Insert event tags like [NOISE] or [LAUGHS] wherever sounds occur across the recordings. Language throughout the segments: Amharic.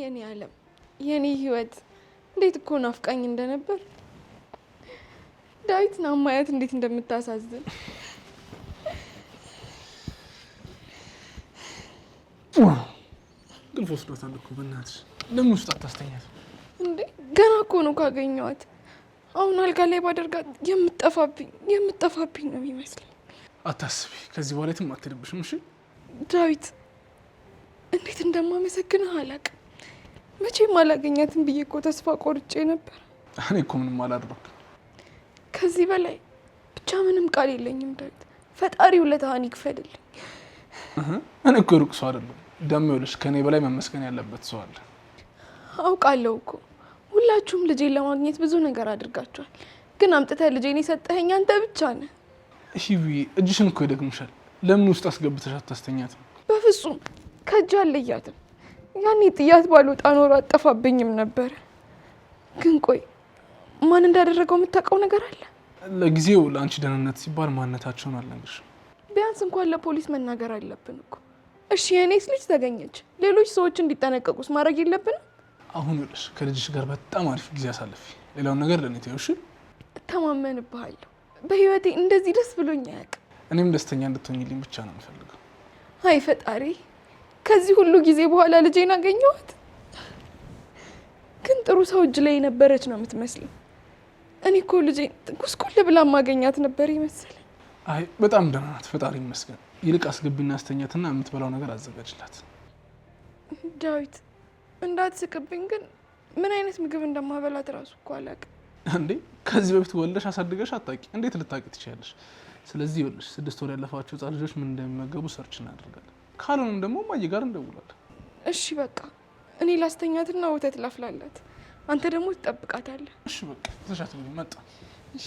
የኔ ዓለም የኔ ህይወት እንዴት እኮ ናፍቃኝ እንደነበር ዳዊት ና ማየት እንዴት እንደምታሳዝን ግን ወስዶታል እኮ በእናትሽ ለምን ውስጥ አታስተኛት እንዴ ገና እኮ ነው ካገኘዋት አሁን አልጋ ላይ ባደርጋት የምጠፋብኝ የምጠፋብኝ ነው የሚመስለኝ አታስቢ ከዚህ በኋላ የትም አትሄድብሽም እሺ ዳዊት እንዴት እንደማመሰግንህ አላውቅም መቼም አላገኛትም ብዬ እኮ ተስፋ ቆርጬ ነበር። እኔ እኮ ምንም አላደረኩም ከዚህ በላይ ብቻ ምንም ቃል የለኝም። ዳዊት ፈጣሪ ውለታህን ይክፈልልኝ። እኔ እኮ ሩቅ ሰው አይደለም። ደሞ ይኸውልሽ ከእኔ በላይ መመስገን ያለበት ሰው አለ። አውቃለሁ እኮ ሁላችሁም ልጄን ለማግኘት ብዙ ነገር አድርጋችኋል። ግን አምጥተህ ልጄን የሰጠኸኝ አንተ ብቻ ነህ። ሂዊ እጅሽን እኮ ይደግምሻል። ለምን ውስጥ አስገብተሻት ተስተኛት? በፍጹም ከእጅ አለያትም። ያኔ ጥያት ባልወጣ ኖሮ አጠፋብኝም ነበር። ግን ቆይ ማን እንዳደረገው የምታውቀው ነገር አለ? ለጊዜው ለአንቺ ደህንነት ሲባል ማንነታቸውን አልነግርሽም። ቢያንስ እንኳን ለፖሊስ መናገር አለብን እኮ። እሺ የእኔስ ልጅ ተገኘች፣ ሌሎች ሰዎች እንዲጠነቀቁስ ማድረግ የለብንም? አሁን ይኸውልሽ ከልጅሽ ጋር በጣም አሪፍ ጊዜ አሳልፊ። ሌላውን ነገር ለእኔ ተይው እሺ። እተማመንብሃለሁ። በህይወቴ እንደዚህ ደስ ብሎኝ አያውቅም። እኔም ደስተኛ እንድትሆኝልኝ ብቻ ነው የምፈልገው። አይ ፈጣሪ ከዚህ ሁሉ ጊዜ በኋላ ልጄን አገኘኋት። ግን ጥሩ ሰው እጅ ላይ የነበረች ነው የምትመስለው። እኔ እኮ ልጄን ጉስቁል ብላ ማገኛት ነበር ይመስል። አይ በጣም ደህና ናት፣ ፈጣሪ ይመስገን። ይልቅ አስገቢና አስተኛትና የምትበላው ነገር አዘጋጅላት። ዳዊት እንዳትስቅብኝ፣ ግን ምን አይነት ምግብ እንደማበላት እራሱ እኮ አላውቅም። እንዴ ከዚህ በፊት ወልደሽ አሳድገሽ አታውቂ? እንዴት ልታውቂ ትችያለሽ? ስለዚህ ይኸውልሽ ስድስት ወር ያለፋቸው ህጻን ልጆች ምን እንደሚመገቡ ሰርች እናደርጋለን። ካልሆነም ደግሞ እማዬ ጋር እንደውላለን። እሺ በቃ እኔ ላስተኛትና ወተት ላፍላላት፣ አንተ ደግሞ ትጠብቃታለህ። እሺ በቃ ተሻት መጣ። እሺ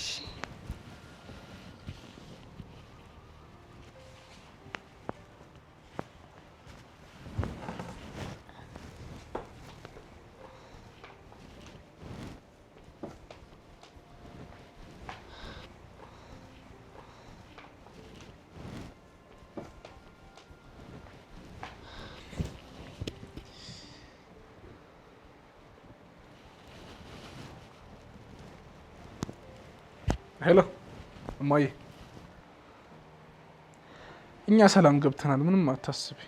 ሄሎ እማዬ፣ እኛ ሰላም ገብተናል። ምንም አታስቢ።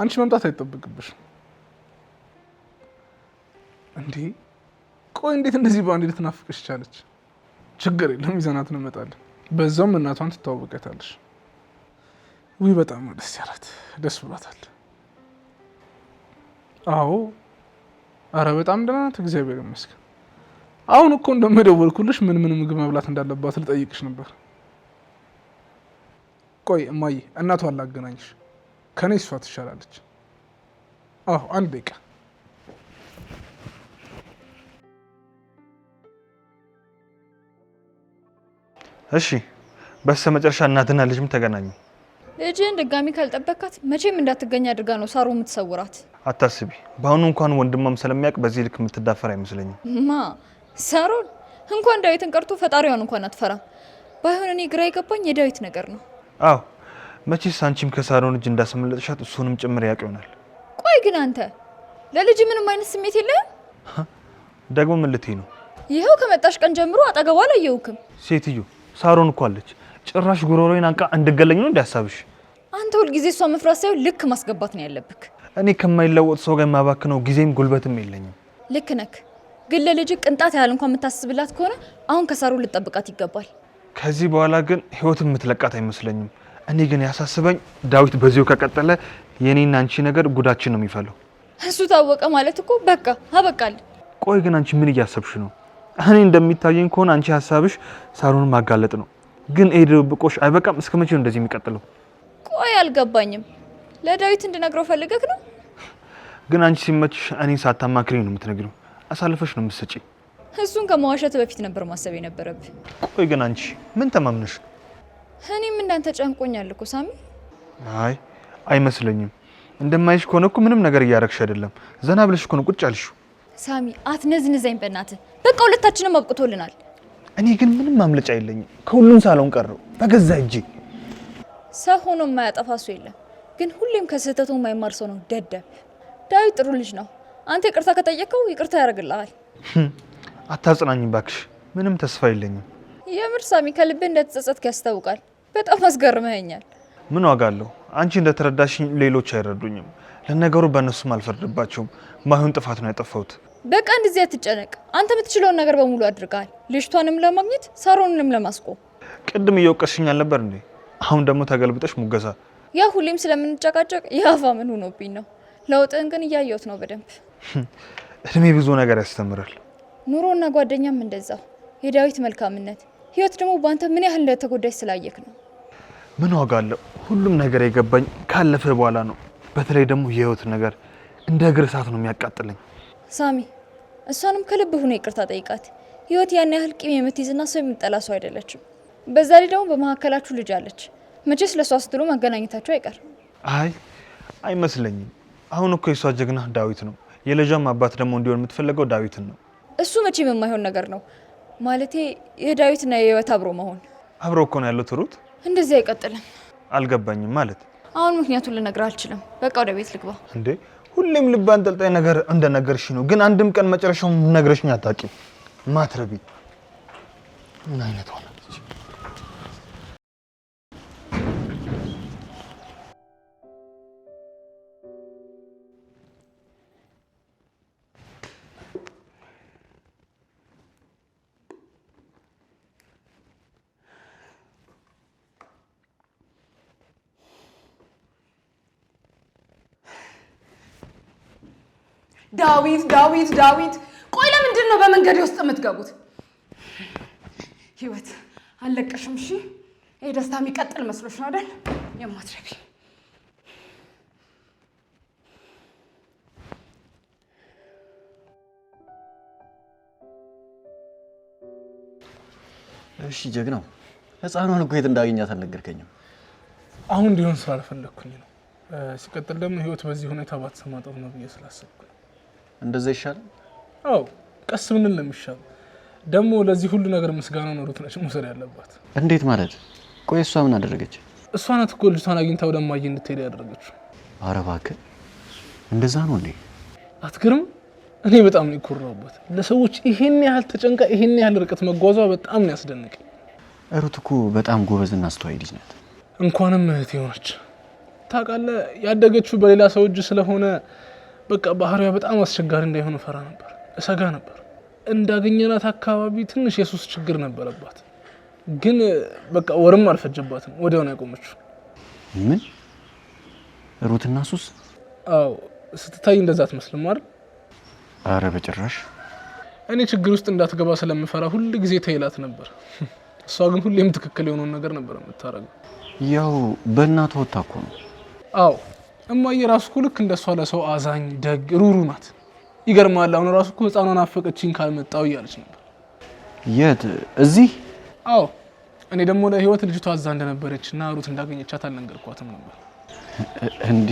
አንቺ መምጣት አይጠበቅብሽም። እንዴ ቆይ፣ እንዴት እንደዚህ በአንድ ልትናፍቅሽ ቻለች? ችግር የለም ይዘናት እንመጣለን። በዛውም እናቷን ትተዋወቀታለች። ውይ በጣም ደስ ያላት፣ ደስ ብሏታል። አዎ፣ አረ በጣም ደህና ናት፣ እግዚአብሔር ይመስገን። አሁን እኮ እንደመደወልኩልሽ ምን ምን ምግብ መብላት እንዳለባት ልጠይቅሽ ነበር። ቆይ እማዬ፣ እናቷ አላገናኝሽ። ከኔ እሷ ትሻላለች። አሁ አንድ ደቂቃ እሺ። በስተ መጨረሻ እናትና ልጅም ተገናኙ። ልጅን ድጋሚ ካልጠበካት መቼም እንዳትገኝ አድርጋ ነው ሳሩ የምትሰውራት። አታስቢ፣ በአሁኑ እንኳን ወንድማም ስለሚያውቅ በዚህ ልክ የምትዳፈር አይመስለኝም ማ ሳሮን እንኳን ዳዊትን ቀርቶ ፈጣሪዋን እንኳን አትፈራም። ባይሆን እኔ ግራ የገባኝ የዳዊት ነገር ነው። አዎ መቼስ አንቺም ከሳሮን እጅ እንዳስመለጥሻት እሱንም ጭምር ያውቅ ይሆናል። ቆይ ግን አንተ ለልጅ ምንም አይነት ስሜት የለህም? ደግሞ ምን ልትይ ነው? ይኸው ከመጣሽ ቀን ጀምሮ አጠገቧ አላየሁህም። ሴትዮ ሳሮን እኮ አለች። ጭራሽ ጉሮሮዬን አንቃ እንድገለኝ ነው እንዲያሳብሽ። አንተ ሁልጊዜ እሷ መፍራት ሳይሆን ልክ ማስገባት ነው ያለብክ። እኔ ከማይለወጥ ሰው ጋር የማባክነው ጊዜም ጉልበትም የለኝም። ልክ ነክ ግን ለልጅ ቅንጣት ያህል እንኳን የምታስብላት ከሆነ አሁን ከሳሩ ልጠብቃት ይገባል። ከዚህ በኋላ ግን ህይወትን የምትለቃት አይመስለኝም። እኔ ግን ያሳስበኝ ዳዊት በዚሁ ከቀጠለ የኔና አንቺ ነገር ጉዳችን ነው የሚፈለው። እሱ ታወቀ ማለት እኮ በቃ አበቃል። ቆይ ግን አንቺ ምን እያሰብሽ ነው? እኔ እንደሚታየኝ ከሆነ አንቺ ሀሳብሽ ሳሩን ማጋለጥ ነው። ግን ይሄ ድብብቆሽ አይበቃም። እስከ መቼ ነው እንደዚህ የሚቀጥለው? ቆይ አልገባኝም። ለዳዊት እንድነግረው ፈልገክ ነው? ግን አንቺ ሲመችሽ እኔን ሳታማክሪኝ ነው የምትነግሪው። አሳልፈሽ ነው የምትሰጪ። እሱን ከመዋሸት በፊት ነበር ማሰብ የነበረብህ። ቆይ ግን አንቺ ምን ተማምነሽ? እኔም እንዳንተ ጨንቆኛል እኮ ሳሚ። አይ አይመስለኝም። እንደማይሽ ከሆነ እኮ ምንም ነገር እያረግሽ አይደለም። ዘና ብለሽ እኮ ነው ቁጭ አልሽው። ሳሚ አትነዝንዘኝ በእናትህ። በቃ ሁለታችንም አብቅቶልናል። እኔ ግን ምንም ማምለጫ የለኝም። ከሁሉም ሳለውን ቀረው በገዛ እጄ። ሰው ሆኖ የማያጠፋ እሱ የለም፣ ግን ሁሌም ከስህተቱ የማይማር ሰው ነው ደደብ። ዳዊት ጥሩ ልጅ ነው አንተ ይቅርታ ከጠየቀው ይቅርታ ያደርግልሃል። አታጽናኝ ባክሽ፣ ምንም ተስፋ የለኝም። የምር ሳሚ ከልብህ እንደተጸጸትክ ያስታውቃል። በጣም አስገርመኸኛል። ምን ዋጋ አለው? አንቺ እንደተረዳሽኝ ሌሎች አይረዱኝም። ለነገሩ በእነሱም አልፈርድባቸውም። ማይሆን ጥፋት ነው ያጠፋሁት። በቃ እንደዚህ አትጨነቅ። አንተ የምትችለውን ነገር በሙሉ አድርገሃል። ልጅቷንም ለማግኘት ሳሮንንም ለማስቆም። ቅድም እየወቀስሽኝ አልነበር እንዴ? አሁን ደግሞ ተገልብጠሽ ሙገሳ። ያ ሁሌም ስለምንጨቃጨቅ የአፋ ምን ሆኖብኝ ነው ለውጥን ግን እያየሁት ነው በደንብ። [LAUGHS] እድሜ ብዙ ነገር ያስተምራል። ኑሮና ጓደኛም እንደዛው። የዳዊት መልካምነት ህይወት ደግሞ በአንተ ምን ያህል እንደተጎዳች ስላየክ ነው። ምን ዋጋ አለው? ሁሉም ነገር የገባኝ ካለፈ በኋላ ነው። በተለይ ደግሞ የህይወት ነገር እንደ እግር እሳት ነው የሚያቃጥለኝ። ሳሚ፣ እሷንም ከልብ ሁኖ ይቅርታ ጠይቃት። ህይወት ያን ያህል ቂም የምትይዝና ሰው የምጠላ ሰው አይደለችም። በዛ ላይ ደግሞ በመካከላችሁ ልጅ አለች። መቼስ ለእሷ ስትሉ መገናኘታችሁ አይቀር። አይ አይመስለኝም አሁን እኮ የሷ ጀግና ዳዊት ነው። የልጇም አባት ደግሞ እንዲሆን የምትፈልገው ዳዊትን ነው። እሱ መቼም የማይሆን ነገር ነው። ማለቴ የዳዊትና የህይወት አብሮ መሆን አብሮ እኮ ነው ያለው። ሩት። እንደዚህ አይቀጥልም። አልገባኝም ማለት አሁን ምክንያቱን ልነግር አልችልም። በቃ ወደ ቤት ልግባ። እንዴ ሁሌም ልብ አንጠልጣይ ነገር እንደነገርሽ ነው፣ ግን አንድም ቀን መጨረሻውን ነግረሽኝ አታውቂም። ማትረቢ ምን አይነት ሆነ? ዳዊት ዳዊት ዳዊት። ቆይ ለምንድን ነው በመንገድ ውስጥ የምትገቡት? ህይወት አለቀሽም። እሺ ይህ ደስታ የሚቀጥል መስሎች ነው አይደል? የማትረቢ እሺ ጀግናው፣ ህፃኗን እኮ የት እንዳገኛት አልነገርከኝም። አሁን እንዲሆን ስላልፈለግኩኝ ነው። ሲቀጥል ደግሞ ህይወት በዚህ ሁኔታ ባትሰማ ጥሩ ነው ብዬ ስላሰብኩ ነው። እንደዛ ይሻል። አዎ ቀስ ብንል ነው የሚሻለው። ደግሞ ለዚህ ሁሉ ነገር ምስጋና ኖሮት ነች መውሰድ ያለባት። እንዴት ማለት? ቆይ እሷ ምን አደረገች? እሷ ናት እኮ ልጅቷን አግኝታ ወደ እማዬ እንድትሄድ ያደረገችው። ኧረ እባክህ እንደዛ ነው እንዴ? አትገርም። እኔ በጣም ነው የኮራሁበት። ለሰዎች ይሄን ያህል ተጨንቃ ይሄን ያህል ርቀት መጓዟ በጣም ነው ያስደንቀኝ። ሩት እኮ በጣም ጎበዝና አስተዋይ ልጅ ናት። እንኳንም እህቴ ሆነች። ታውቃለህ፣ ያደገችው በሌላ ሰው እጅ ስለሆነ በቃ ባህሪዋ በጣም አስቸጋሪ እንዳይሆን ፈራ ነበር፣ እሰጋ ነበር። እንዳገኘናት አካባቢ ትንሽ የሱስ ችግር ነበረባት፣ ግን በቃ ወርም አልፈጀባትም። ወዲያው ነው ያቆመችው። ምን ሩትና ሱስ? አዎ ስትታይ እንደዛ አትመስልም አይደል? አረ በጭራሽ። እኔ ችግር ውስጥ እንዳትገባ ስለምፈራ ሁል ጊዜ ተይላት ነበር። [LAUGHS] እሷ ግን ሁሌም ትክክል የሆነውን ነገር ነበር የምታደርገው። ያው በእናቷ ወታ እኮ ነው። አዎ እማዬ ራሱ እኮ ልክ እንደሷ ለሰው አዛኝ ደግ ሩሩ ናት። ይገርማል። አሁን ራሱ እኮ ህፃኗን አፈቀችኝ ካልመጣው እያለች ነበር። የት እዚህ? አዎ እኔ ደግሞ ለህይወት ልጅቷ አዛ እንደነበረች እና ሩት እንዳገኘቻት አልነገርኳትም ነበር። እንዴ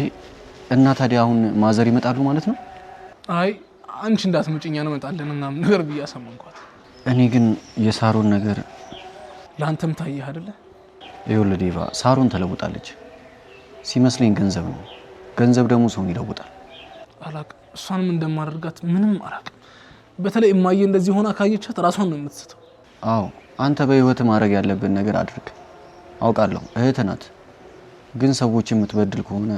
እና ታዲያ አሁን ማዘር ይመጣሉ ማለት ነው? አይ አንቺ እንዳትመጭኛ ነው መጣለን ምናምን ነገር ብዬ አሳመንኳት። እኔ ግን የሳሮን ነገር ለአንተም ታየህ አይደለ? ይኸውልህ ዴቫ፣ ሳሮን ተለውጣለች ሲመስለኝ ገንዘብ ነው ገንዘብ ደግሞ ሰውን ይለውጣል። አላቅም፣ እሷንም እንደማደርጋት ምንም አላቅም። በተለይ እማዬ እንደዚህ ሆና ካየቻት ራሷን ነው የምትስተው። አዎ አንተ በህይወት ማድረግ ያለብን ነገር አድርግ። አውቃለሁ እህት ናት፣ ግን ሰዎች የምትበድል ከሆነ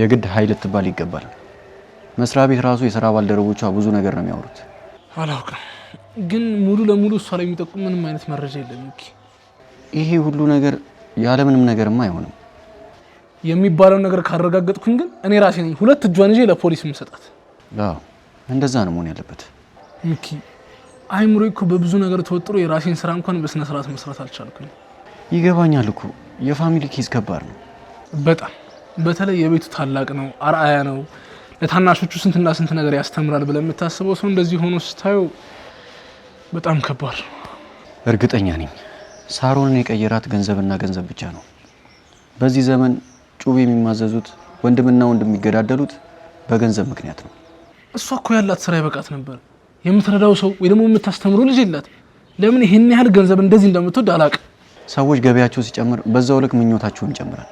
የግድ ሀይ ልትባል ይገባል። መስሪያ ቤት ራሱ የስራ ባልደረቦቿ ብዙ ነገር ነው የሚያወሩት። አላውቅም፣ ግን ሙሉ ለሙሉ እሷ ላይ የሚጠቁም ምንም አይነት መረጃ የለም። ይሄ ሁሉ ነገር ያለምንም ነገርማ አይሆንም። የሚባለው ነገር ካረጋገጥኩኝ ግን እኔ ራሴ ነኝ ሁለት እጇን ይዤ ለፖሊስ የምሰጣት። አዎ እንደዛ ነው መሆን ያለበት። ሚኪ አይምሮ እኮ በብዙ ነገር ተወጥሮ የራሴን ስራ እንኳን በስነ ስርዓት መስራት አልቻልኩኝ። ይገባኛል እኮ የፋሚሊ ኬዝ ከባድ ነው በጣም በተለይ የቤቱ ታላቅ ነው፣ አርአያ ነው፣ ለታናሾቹ ስንትና ስንት ነገር ያስተምራል ብለህ የምታስበው ሰው እንደዚህ ሆኖ ስታየው በጣም ከባድ እርግጠኛ ነኝ ሳሮንን የቀየራት ገንዘብና ገንዘብ ብቻ ነው በዚህ ዘመን ጩቤ የሚማዘዙት ወንድምና ወንድም የሚገዳደሉት በገንዘብ ምክንያት ነው። እሷ እኮ ያላት ስራ ይበቃት ነበር። የምትረዳው ሰው ወይ ደግሞ የምታስተምረው ልጅ የላት። ለምን ይህን ያህል ገንዘብ እንደዚህ እንደምትወድ አላቅ ሰዎች ገበያቸው ሲጨምር በዛው ልክ ምኞታቸውን ይጨምራል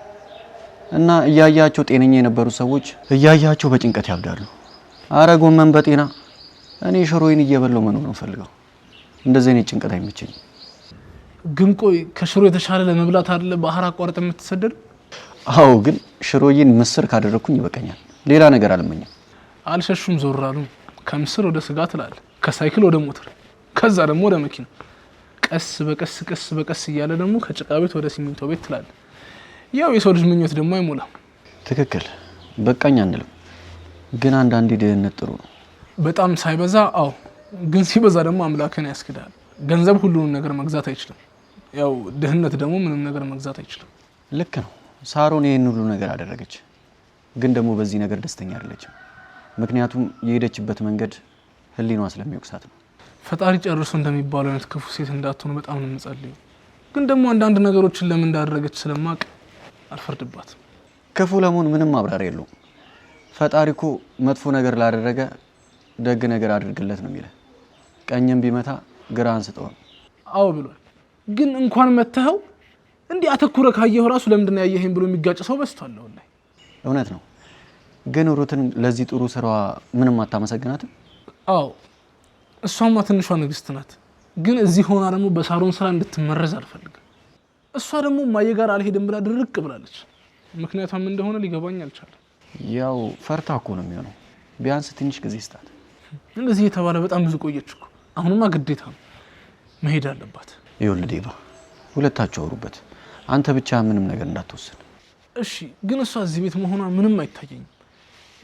እና እያያቸው ጤነኛ የነበሩ ሰዎች እያያቸው በጭንቀት ያብዳሉ። አረ ጎመን በጤና እኔ ሽሮዬን እየበላው መኖር ነው ፈልገው። እንደዚህ አይነት ጭንቀት አይመቸኝም። ግን ቆይ ከሽሮ የተሻለ ለመብላት አይደለ ባህር አቋርጥ የምትሰደድ አዎ፣ ግን ሽሮዬን ምስር ካደረግኩኝ ይበቀኛል ሌላ ነገር አልመኝም። አልሸሹም ዞር አሉ። ከምስር ወደ ስጋ ትላለ፣ ከሳይክል ወደ ሞተር፣ ከዛ ደግሞ ወደ መኪና፣ ቀስ በቀስ ቀስ በቀስ እያለ ደግሞ ከጭቃ ቤት ወደ ሲሚንቶ ቤት ትላለ። ያው የሰው ልጅ ምኞት ደግሞ አይሞላም። ትክክል። በቃኝ አንልም፣ ግን አንዳንዴ ድህነት ጥሩ ነው። በጣም ሳይበዛ አዎ፣ ግን ሲበዛ ደግሞ አምላክን ያስክዳል። ገንዘብ ሁሉንም ነገር መግዛት አይችልም። ያው ድህነት ደግሞ ምንም ነገር መግዛት አይችልም። ልክ ነው። ሳሮን ይህን ሁሉ ነገር አደረገች፣ ግን ደግሞ በዚህ ነገር ደስተኛ አይደለችም። ምክንያቱም የሄደችበት መንገድ ህሊኗ ስለሚወቅሳት ነው። ፈጣሪ ጨርሶ እንደሚባለው አይነት ክፉ ሴት እንዳትሆኑ በጣም ነው የምጸልየው። ግን ደግሞ አንዳንድ ነገሮችን ለምን እንዳደረገች ስለማቅ አልፈርድባት ክፉ ለመሆን ምንም ማብራሪያ የለውም። ፈጣሪ እኮ መጥፎ ነገር ላደረገ ደግ ነገር አድርግለት ነው የሚለ። ቀኝም ቢመታ ግራ አንስጠው አዎ ብሏል። ግን እንኳን መተኸው እንዲህ አተኩረ ካየሁ ራሱ ለምንድን ነው ያየኸኝ ብሎ የሚጋጭ ሰው በዝቷል። ላይ እውነት ነው። ግን ሩትን ለዚህ ጥሩ ስራዋ ምንም አታመሰግናትም? አዎ እሷማ ትንሿ ንግስት ናት። ግን እዚህ ሆና ደግሞ በሳሎን ስራ እንድትመረዝ አልፈልግም። እሷ ደግሞ ማየ ጋር አልሄድም ብላ ድርቅ ብላለች። ምክንያቷም እንደሆነ ሊገባኝ አልቻለም። ያው ፈርታ እኮ ነው የሚሆነው። ቢያንስ ትንሽ ጊዜ ስጣት። እንደዚህ የተባለ በጣም ብዙ ቆየች እኮ። አሁንማ ግዴታ ነው መሄድ አለባት። ይኸውልህ ዴባ፣ ሁለታቸው አውሩበት። አንተ ብቻ ምንም ነገር እንዳትወስን እሺ። ግን እሷ እዚህ ቤት መሆኗ ምንም አይታየኝም።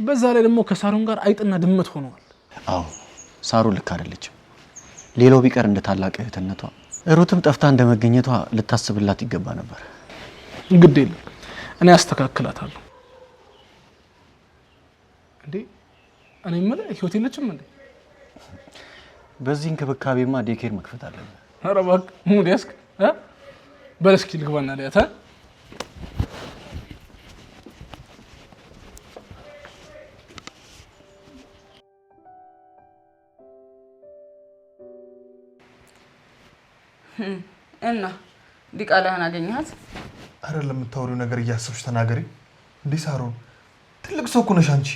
በዛ ላይ ደግሞ ከሳሩን ጋር አይጥና ድመት ሆነዋል። አዎ ሳሩ ልክ አይደለችም። ሌላው ቢቀር እንደ ታላቅ እህትነቷ ሩትም ጠፍታ እንደ መገኘቷ ልታስብላት ይገባ ነበር። ግድ የለም እኔ አስተካክላታለሁ። እንዴ እኔ የምልህ ህይወት የለችም እንዴ? በዚህ እንክብካቤማ ዴኬር መክፈት አለብን። ኧረ እባክህ ሙድ ያስክ በል እስኪ ልግባና ሊያታ እና ዲቃላህን አገኘሃት? አረ ለምታወሪው ነገር እያሰብሽ ተናገሪ። እንዲህ ሳሮን ትልቅ ሰው እኮ ነሽ አንቺ።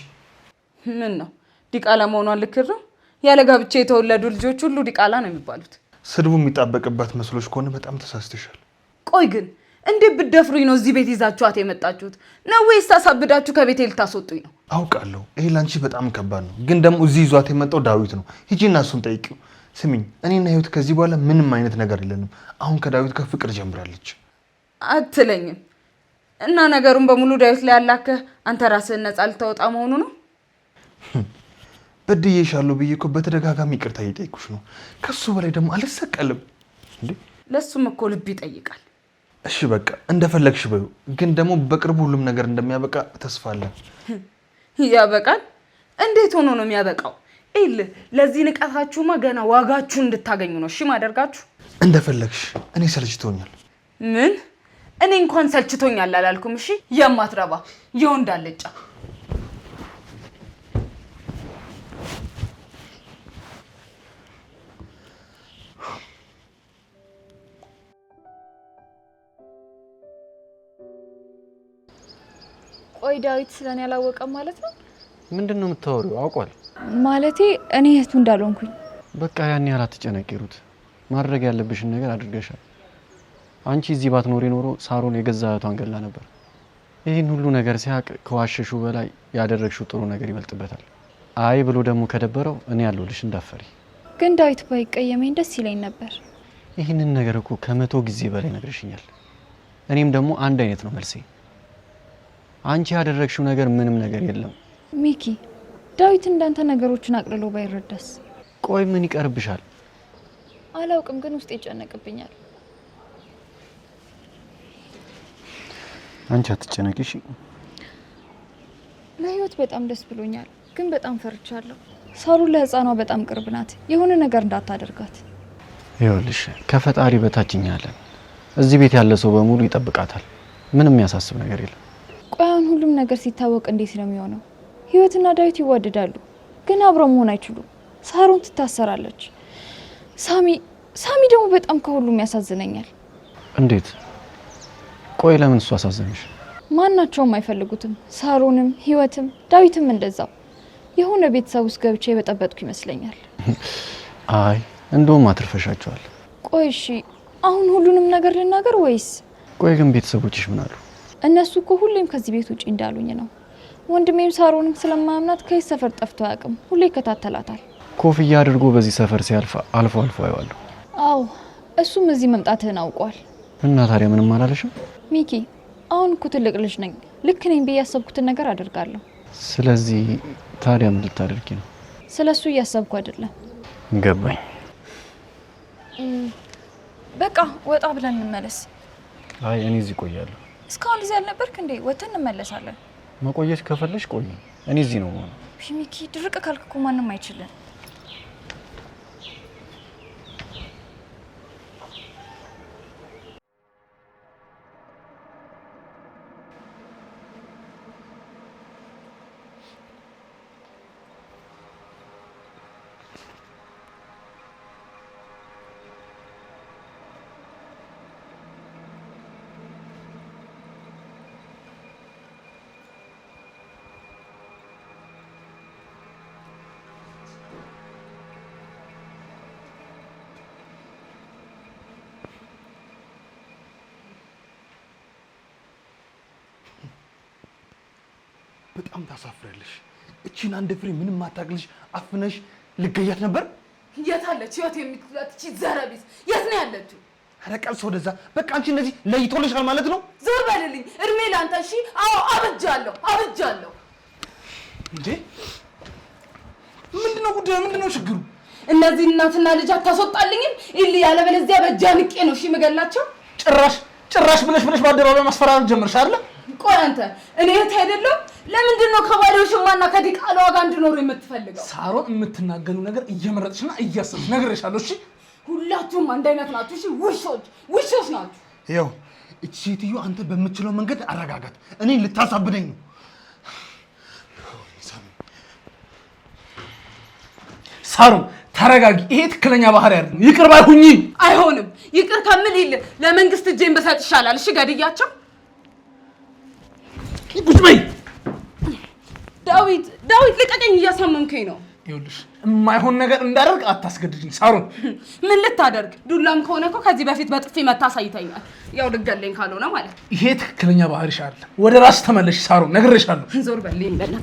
ምን ነው ዲቃላ መሆኗን ልክር ነው? ያለ ጋብቻ የተወለዱ ልጆች ሁሉ ዲቃላ ነው የሚባሉት። ስድቡ የሚጣበቅበት መስሎች ከሆነ በጣም ተሳስተሻል። ቆይ ግን እንዴት ብትደፍሩኝ ነው እዚህ ቤት ይዛችኋት የመጣችሁት? ነው ወይስ ታሳብዳችሁ ከቤቴ ልታስወጡኝ ነው? አውቃለሁ ይሄ ላንቺ በጣም ከባድ ነው፣ ግን ደግሞ እዚህ ይዟት የመጣው ዳዊት ነው። ሂጂና እሱን ጠይቂው። ስሚኝ፣ እኔና ህይወት ከዚህ በኋላ ምንም አይነት ነገር የለንም። አሁን ከዳዊት ጋር ፍቅር ጀምራለች። አትለኝም እና ነገሩን በሙሉ ዳዊት ላይ ያላከህ አንተ ራስህን ነጻ ልታወጣ መሆኑ ነው? በድዬሻለሁ ብዬ እኮ በተደጋጋሚ ይቅርታ እየጠየኩሽ ነው። ከሱ በላይ ደግሞ አልሰቀልም። ለእሱም እኮ ልብ ይጠይቃል። እሺ በቃ እንደፈለግሽ በዩ። ግን ደግሞ በቅርቡ ሁሉም ነገር እንደሚያበቃ ተስፋ አለን። [LAUGHS] ያበቃል? እንዴት ሆኖ ነው የሚያበቃው? ኤል ለዚህ ንቀታችሁማ ገና ዋጋችሁን እንድታገኙ ነው። እሺ ማደርጋችሁ እንደፈለግሽ። እኔ ሰልችቶኛል። ምን? እኔ እንኳን ሰልችቶኛል አላልኩም። እሺ የማትረባ የወንድ አልጫ ቆይ ዳዊት ስለኔ ያላወቀም ማለት ነው። ምንድን ነው የምታወሪው? አውቋል ማለቴ እኔ እህቱ እንዳልሆንኩኝ። በቃ ያኔ አላትጨነቂሩት ማድረግ ያለብሽን ነገር አድርገሻል። አንቺ እዚህ ባትኖሪ ኖሮ ሳሮን የገዛ እህቷን ገላ ነበር። ይህን ሁሉ ነገር ሲያውቅ ከዋሸሹ በላይ ያደረግሽው ጥሩ ነገር ይበልጥበታል። አይ ብሎ ደግሞ ከደበረው እኔ ያለሁልሽ እንዳፈሪ። ግን ዳዊት ባይቀየመኝ ደስ ይለኝ ነበር። ይህንን ነገር እኮ ከመቶ ጊዜ በላይ ነግርሽኛል። እኔም ደግሞ አንድ አይነት ነው መልሴ አንቺ ያደረግሽው ነገር ምንም ነገር የለም ሚኪ። ዳዊት እንዳንተ ነገሮችን አቅልሎ ባይረዳስ? ቆይ ምን ይቀርብሻል? አላውቅም፣ ግን ውስጥ ይጨነቅብኛል። አንቺ አትጨነቅሽ ለህይወት በጣም ደስ ብሎኛል፣ ግን በጣም ፈርቻለሁ። ሳሩን ለህፃኗ በጣም ቅርብ ናት። የሆነ ነገር እንዳታደርጋት። ይኸውልሽ ከፈጣሪ በታች እኛ አለን። እዚህ ቤት ያለ ሰው በሙሉ ይጠብቃታል። ምንም የሚያሳስብ ነገር የለም። ቆይ አሁን ሁሉም ነገር ሲታወቅ እንዴት ነው የሚሆነው? ህይወትና ዳዊት ይዋደዳሉ፣ ግን አብረው መሆን አይችሉም። ሳሮን ትታሰራለች። ሳሚ ሳሚ ደግሞ በጣም ከሁሉም ያሳዝነኛል። እንዴት? ቆይ ለምን እሱ አሳዘንሽ? ማናቸውም አይፈልጉትም። ሳሮንም፣ ህይወትም፣ ዳዊትም እንደዛው። የሆነ ቤተሰብ ውስጥ ገብቼ የበጠበጥኩ ይመስለኛል። [LAUGHS] አይ እንደውም አትርፈሻቸዋል። ቆይ እሺ፣ አሁን ሁሉንም ነገር ልናገር ወይስ? ቆይ ግን ቤተሰቦችሽ ምን አሉ? እነሱ እኮ ሁሌም ከዚህ ቤት ውጪ እንዳሉኝ ነው። ወንድሜም ሳሮንም ስለማምናት ከዚህ ሰፈር ጠፍቶ አያውቅም። ሁሌ ይከታተላታል። ኮፍያ አድርጎ በዚህ ሰፈር ሲያልፍ አልፎ አልፎ አይዋሉ። አዎ እሱም እዚህ መምጣትህን አውቋል። እና ታዲያ ምንም አላለሽም ሚኪ? አሁን እኮ ትልቅ ልጅ ነኝ። ልክ ነኝ ብዬ ያሰብኩትን ነገር አደርጋለሁ። ስለዚህ ታዲያ ምን ልታደርጊ ነው? ስለ እሱ እያሰብኩ አይደለም። ገባኝ። በቃ ወጣ ብለን እንመለስ። አይ እኔ እዚህ እቆያለሁ። እስካሁን እዚህ አልነበርክ እንዴ? ወተን እንመለሳለን። መቆየት ከፈለሽ ቆይ፣ እኔ እዚህ ነው። ሚኪ ድርቅ ካልክ እኮ ማንም አይችልን በጣም ታሳፍራለሽ። እቺን አንድ ፍሬ ምንም አታቅልሽ አፍነሽ ልገያት ነበር። የት አለች ህይወት የምትላት እቺ ዘረቢት? የት ነው ያለችው? ኧረ ቀብስ ወደዛ። በቃ አንቺ እንደዚህ ለይቶልሻል ማለት ነው። ዞር በልልኝ። እድሜ ለአንተ። እሺ፣ አዎ፣ አብጃለሁ፣ አብጃለሁ። እንዴ ምንድነው ጉዳዩ? ምንድነው ችግሩ? እነዚህ እናትና ልጅ አታስወጣልኝም? ኢሊ ያለበለዚያ በጃንቄ ነው እሺ የምገላቸው። ጭራሽ ጭራሽ ብለሽ ብለሽ ባደራባ ማስፈራራት ጀምርሽ አይደል? ቆይ አንተ እኔ እህት አይደለም? ለምንድን ነው ከባሌው ሽማና ከዲቃላዋ ጋር እንድኖር የምትፈልገው? ሳሮን የምትናገሩ ነገር እየመረጥሽና እያሰብሽ ነግሬሻለሁ። እሺ ሁላችሁም አንድ አይነት ናችሁ። እሺ ውሾች ውሾች ናችሁ። ይኸው እቺ ሴትዮ አንተ በምትችለው መንገድ አረጋጋት። እኔ ልታሳብደኝ ነው። ሳሮን ተረጋጊ። ይሄ ትክክለኛ ባህሪ አይደለም። ይቅር ባይሁኝ አይሆንም። ይቅር ከምል ይል ለመንግስት እጄን በሰጥ ይሻላል። እሺ ገድያቸው ቁጭ በይ ዳዊት። ዳዊት ልቀቀኝ፣ እያሳመምከኝ ነው። ይኸውልሽ የማይሆን ነገር እንዳደርግ አታስገድድኝ ሳሮን። ምን ልታደርግ? ዱላም ከሆነ እኮ ከዚህ በፊት በጥፊ መታ አሳይተኛል። ያው ልገለኝ ካልሆነ ማለት ይሄ ትክክለኛ ባህሪሽ አለ። ወደ ራስ ተመለሽ ሳሮን፣ ነግሬሻለሁ። ዞር በልኝ በላ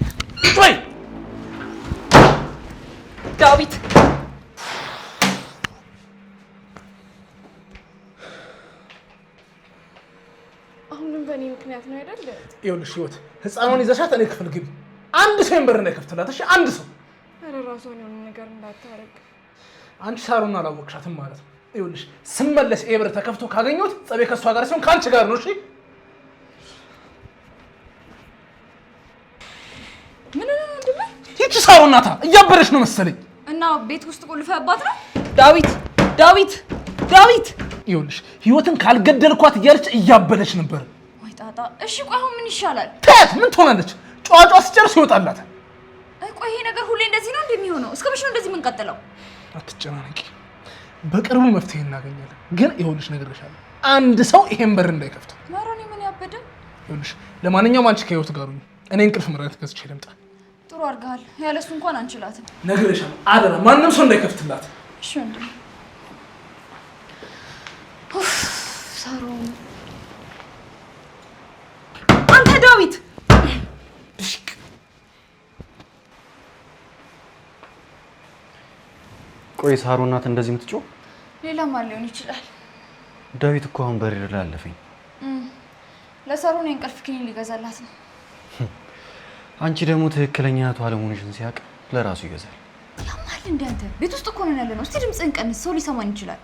ዳዊት በእኔ ምክንያት ነው አይደል? ይኸውልሽ ህይወት ህፃኗን ይዘሻት እኔ ክፍል ግቢ። አንድ ሰው በር ነው እሺ አንድ ሰው ኧረ እራሷን የሆነ ነገር እንዳታረግ። አንቺ ሳሩን አላወቅሻትም ማለት ነው። ይኸውልሽ ስመለስ ይሄ በር ተከፍቶ ካገኘሁት ጸቤ ከእሷ ጋር ሲሆን ከአንቺ ጋር ነው። እሺ ምን ነው ወንድሜ? ይቺ ሳሩን ናታ እያበረች ነው መሰለኝ። እና ቤት ውስጥ ቆልፈህባት ነው ዳዊት? ዳዊት ዳዊት ይኸውልሽ ህይወትን ካልገደልኳት እያለች እያበለች ነበር። መጣ። እሺ ቆይ አሁን ምን ይሻላል? ተያት። ምን ትሆናለች? ጨዋጫ ሲጨርስ ይወጣላት። አይ ቆይ ይሄ ነገር ሁሌ እንደዚህ ነው እንደሚሆነው? እስከ መቼ ነው እንደዚህ የምንቀጥለው? አትጨናነቂ፣ በቅርቡ መፍትሄ እናገኛለን። ግን ይኸውልሽ ነግሬሻለሁ፣ አንድ ሰው ይሄን በር እንዳይከፍት። ማሮኒ ምን ያበደ። ይኸውልሽ ለማንኛውም አንቺ ከህይወት ጋር ሁኚ፣ እኔ እንቅልፍ መድኃኒት ገዝቼ ልምጣ። ጥሩ አድርገሃል። ያለሱ እንኳን አንችላትም። ነግሬሻለሁ፣ አደራ ማንም ሰው እንዳይከፍትላት። እሺ ወንድም ሳሮን አንተ ዳዊት ቆይ ሳሮ እናት እንደዚህ የምትጮህ ሌላ ማን ሊሆን ይችላል? ዳዊት እኮ አሁን በሬ ላለፈኝ ለሳሮ ነው የእንቅልፍ ክኒን ሊገዛላት ነው። አንቺ ደግሞ ትክክለኛ እህቱ አለመሆንሽን ሲያውቅ ለራሱ ይገዛል። ያማል እንደ አንተ ቤት ውስጥ እኮ ነን ያለ ነው። እስቲ ድምፅህን ቀንስ፣ ሰው ሊሰማን ይችላል።